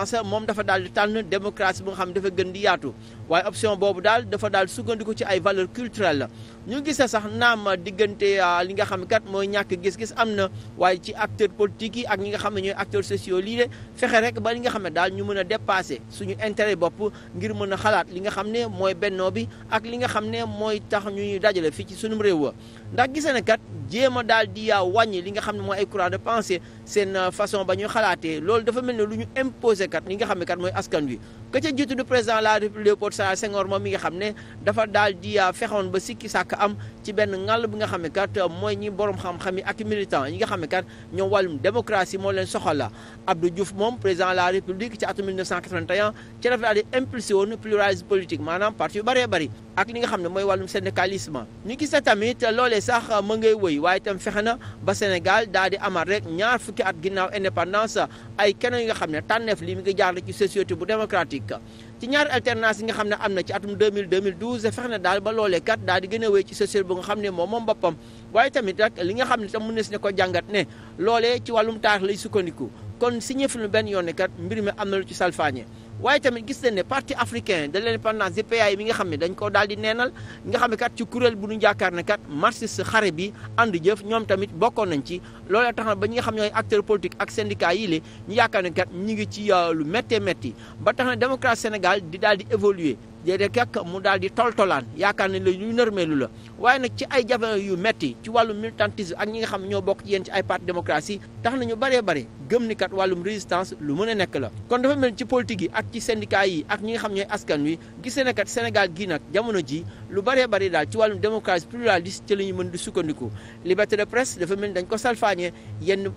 alternance moom dafa daal di tànn démocratie bu nga xam dafa gën di yaatu waaye option boobu daal dafa daal sukkandiku ci ay valeur culturelle la ñu gisee sax naam diggante euh, li nga xam kat mooy ñàkk gis-gis am na waaye ci acteur politique yi ak ñi nga xam ne ñooy acteurs sociaux lii de fexe rek ba li nga xam ne daal ñu mën a dépasser suñu intérêt bopp ngir mën a xalaat li nga xam ne mooy bennoo bi ak li nga xam ne mooy tax ñuy dajale fii ci suñu réew wa ndax gisee jéem a daal di yaa euh, wàññi li nga xam ne mooy ay courant de pensée seen euh, façon ba ñu xalaatee loolu dafa mel ne lu ñu imposé kat li nga xam ne kat mooy askan wi ka ca jiitu du président la république Léopold Sédar Senghor moom mi nga xam ne dafa daal di yaa euh, fexoon ba sikki sàkk am ci benn ngàll bi nga xam ne kat mooy ñi borom xam-xam yi ak militant yi nga xam ne kat ñoom wàllum démocratie moo leen soxal la Abdou Diouf moom président la république ci atum 1981 ci dafa daal di politique maanaam parti yu bëree bëri ak li nga xam ne mooy wàllum syndicalisme ñu gis tamit loolee sax ma ngay wëy waaye itam fexe na ba Sénégal daal di amaat rek ñaar fukki at ginnaaw indépendance ay keneen yi nga xam ne tànneef li mi ngi jaar ci société bu démocratique ci ñaari alternance yi nga xam ne am na ci atum 2000 2012 fexe na daal ba loolee kat daal di gën a wéy ci société bu nga xam ne moom moom boppam waaye tamit rek li nga xam ne tam mën na si ne ko jàngat ne loolee ci wàllum taarix lay sukkandiku kon signifié benn yoon benn kat mbir mi am na lu ci salfaañe waaye tamit gis nañ ne parti africain de l'indépendance DPA yi mi nga xam ne dañ ko daal di neenal nga xam ne kat ci kuréel bu ñu jàkkaar ne kat marxiste xare bi ànd jëf ñoom tamit bokkoon nañ ci loola tax na ba ñi nga xam ñooy acteur politique ak syndicat yi la ñu yaakaar ne kat ñu ngi ci euh, lu méttee métti ba tax na démocratie Sénégal di daal di évoluer déedéet kekk mu daal di toltolaan yaakaar nañ la ñuy nërmeelu la waaye nag ci ay jafe yu metti ci wàllum militantisme ak ñi nga xam ñoo bokk ci yéen ci ay parti démocratie tax nañu bëree bëri gëm ni kat wàllum résistance lu mën a nekk la kon dafa mel ci politique yi ak ci syndicat yi ak ñi nga xam ñooy askan wi gisee ne kat Sénégal gi nag jamono ji lu bëree bëri daal ci wàllum démocratie pluraliste ci la ñu mën di sukkandiku liberté de presse dafa mel ni dañ ko salfaañee yenn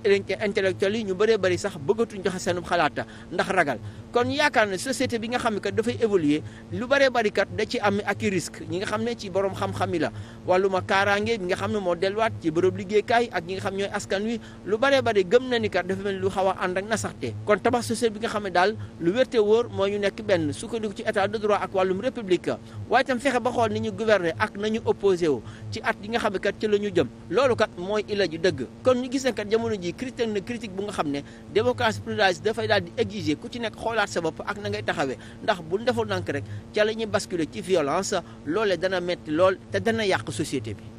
intellectuels yi ñu bëree bëri sax bëggatuñ joxe seenum xalaata ndax ragal kon yaakaar ne société bi nga xam ne kat dafay évoluer lu bëree bëri da ci am ak risque ñi nga xam ne ci borom xam yi la wàlluma kaaraange bi nga xam ne moo delluwaat ci bërëb liggéeykaay ak ñi nga xam ñooy aska wi lu bëree bëri gëm na ni kat dafa mel ni lu xaw a ànd ak nasaxte kon tabax société bi nga xam ne daal lu wérte wóor moo ñu nekk benn sukkandiku ci état de droit ak wàllum république waaye itam fexe ba xool ni ñu gouverner ak nañu opposé wu ci at yi nga xam ci la ñu jëm loolu kat mooy illa ju dëgg kon ñu gis kat jamono ji critique na critique bu nga xam ne démocratie pluraliste dafay daal di exiger ku ci nekk xoolaat sa bopp ak na ngay taxawee ndax bu deful nank rek ca la ñuy basculer ci violence loolee dana metti lool te dana yàq société bi